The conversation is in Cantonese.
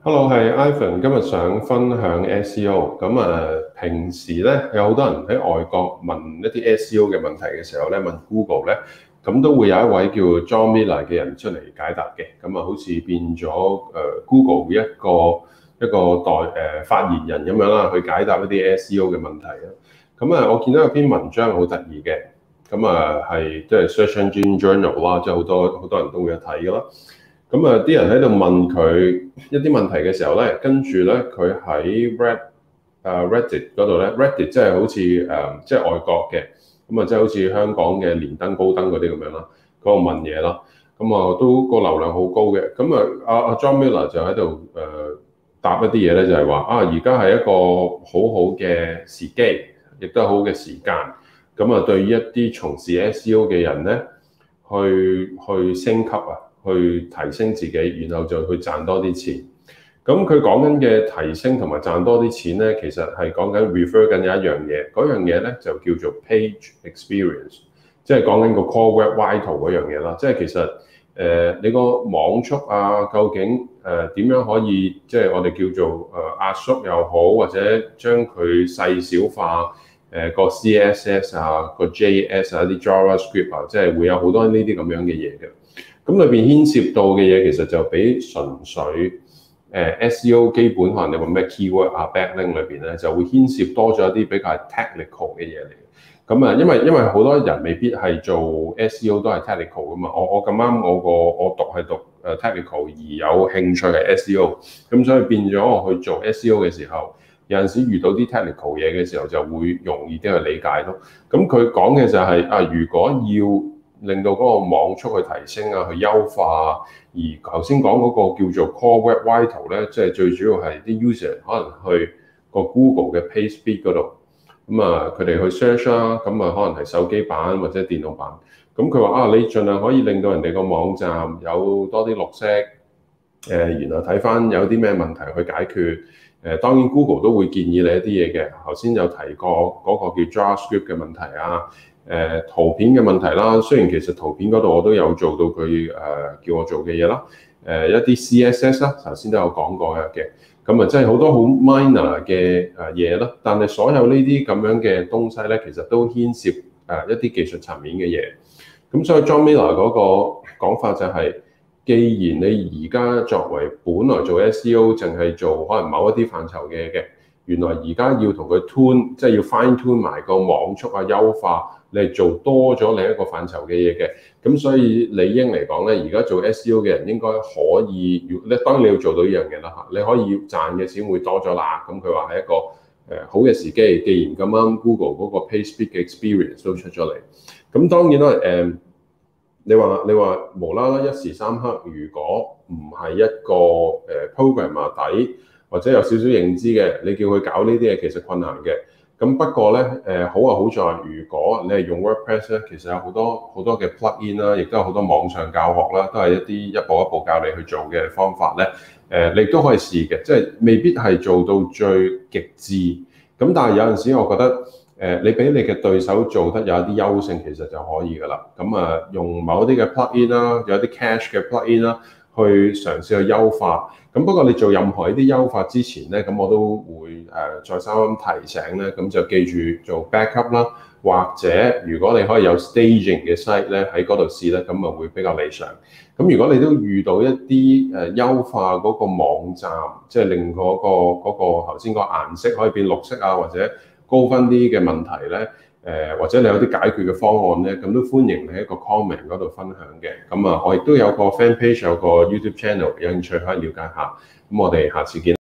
Hello，係 Ivan，今日想分享 SEO。咁啊，平時咧有好多人喺外國問一啲 SEO 嘅問題嘅時候咧，問 Google 咧，咁都會有一位叫 John Miller 嘅人出嚟解答嘅。咁啊，好似變咗誒 Google 一個一個代誒、呃、發言人咁樣啦，去解答一啲 SEO 嘅問題啊。咁啊，我見到有一篇文章好得意嘅，咁啊係即係 Search Engine Journal 啦，即係好多好多人都會有睇噶啦。咁啊！啲人喺度問佢一啲問題嘅時候咧，跟住咧佢喺 Red 啊 Reddit 嗰度咧，Reddit 即係好似誒即係外國嘅咁啊，即係好似香港嘅連登高登嗰啲咁樣啦。度、嗰度、問嘢啦，咁啊都、個流量好高嘅。咁啊，阿阿 John Mueller 就喺度誒答一啲嘢咧，就係話啊，而家係一個好好嘅時機，亦都係好嘅時間。咁啊，對於一啲從事 SEO 嘅人咧，去去升級啊！去提升自己，然後就去賺多啲錢。咁佢講緊嘅提升同埋賺多啲錢咧，其實係講緊 refer 緊有一樣嘢，嗰樣嘢咧就叫做 page experience，即係講緊個 Core Web Vitals 嗰樣嘢啦。即係其實誒、呃、你個網速啊，究竟誒點、呃、樣可以即係我哋叫做誒壓縮又好，或者將佢細小化誒個、呃、CSS 啊個 JS 啊啲 JavaScript 啊，啊，即係會有好多呢啲咁樣嘅嘢嘅。咁裏邊牽涉到嘅嘢，其實就比純粹誒 SEO 基本上，可能你話咩 keyword 啊 backlink 裏邊咧，就會牽涉多咗一啲比較 technical 嘅嘢嚟嘅。咁啊，因為因為好多人未必係做 SEO 都係 technical 噶嘛。我我咁啱我個我讀係讀誒 technical 而有興趣嘅 SEO，咁所以變咗我去做 SEO 嘅時候，有陣時遇到啲 technical 嘢嘅時候，就會容易啲去理解咯。咁佢講嘅就係啊，如果要令到嗰個網速去提升啊，去優化、啊、而頭先講嗰個叫做 Core Web Vital 咧，即係最主要係啲 user 可能去個 Google 嘅 Page Speed 嗰度，咁、嗯、啊佢哋去 search 啦，咁、嗯、啊可能係手機版或者電腦版。咁佢話啊，你盡量可以令到人哋個網站有多啲綠色。誒、呃，然後睇翻有啲咩問題去解決。誒、呃，當然 Google 都會建議你一啲嘢嘅。頭先有提過嗰個叫 JavaScript 嘅問題啊。誒，圖片嘅問題啦，雖然其實圖片嗰度我都有做到佢誒、呃、叫我做嘅嘢啦，誒、呃、一啲 CSS 啦，頭先都有講過嘅，咁啊真係好多好 minor 嘅誒嘢咯，但係所有呢啲咁樣嘅東西咧，其實都牽涉誒一啲技術層面嘅嘢，咁所以 John Miller 嗰個講法就係、是，既然你而家作為本來做 SEO 淨係做可能某一啲範疇嘅嘅。原來而家要同佢 tune，即係要 fine tune 埋個網速啊、優化，你係做多咗另一個範疇嘅嘢嘅。咁所以理應嚟講咧，而家做 SEO 嘅人應該可以要，咧當然你要做到依樣嘢啦嚇。你可以賺嘅錢會多咗啦。咁佢話係一個誒好嘅時機。既然咁啱 Google 嗰個 Page Speed Experience 都出咗嚟，咁當然啦誒、嗯，你話你話無啦啦一時三刻，如果唔係一個誒 programmer 底。或者有少少認知嘅，你叫佢搞呢啲嘢其實困難嘅。咁不過呢，誒好就好在，如果你係用 WordPress 咧，其實有好多好多嘅 plug-in 啦，亦都有好多網上教學啦，都係一啲一步一步教你去做嘅方法呢。誒，你都可以試嘅，即係未必係做到最極致。咁但係有陣時，我覺得誒，你俾你嘅對手做得有一啲優勝，其實就可以㗎啦。咁啊，用某一啲嘅 plug-in 啦，有一啲 cache 嘅 plug-in 啦。去嘗試去優化。咁不過你做任何一啲優化之前呢，咁我都會誒再三提醒呢。咁就記住做 backup 啦，或者如果你可以有 staging 嘅 site 呢，喺嗰度試呢，咁啊會比較理想。咁如果你都遇到一啲誒優化嗰個網站，即係令嗰個嗰個頭先個顏色可以變綠色啊，或者高分啲嘅問題呢。誒或者你有啲解決嘅方案呢，咁都歡迎你喺一個 comment 嗰度分享嘅。咁啊，我亦都有個 fan page，有個 YouTube channel，有興趣可以了解下。咁我哋下次見。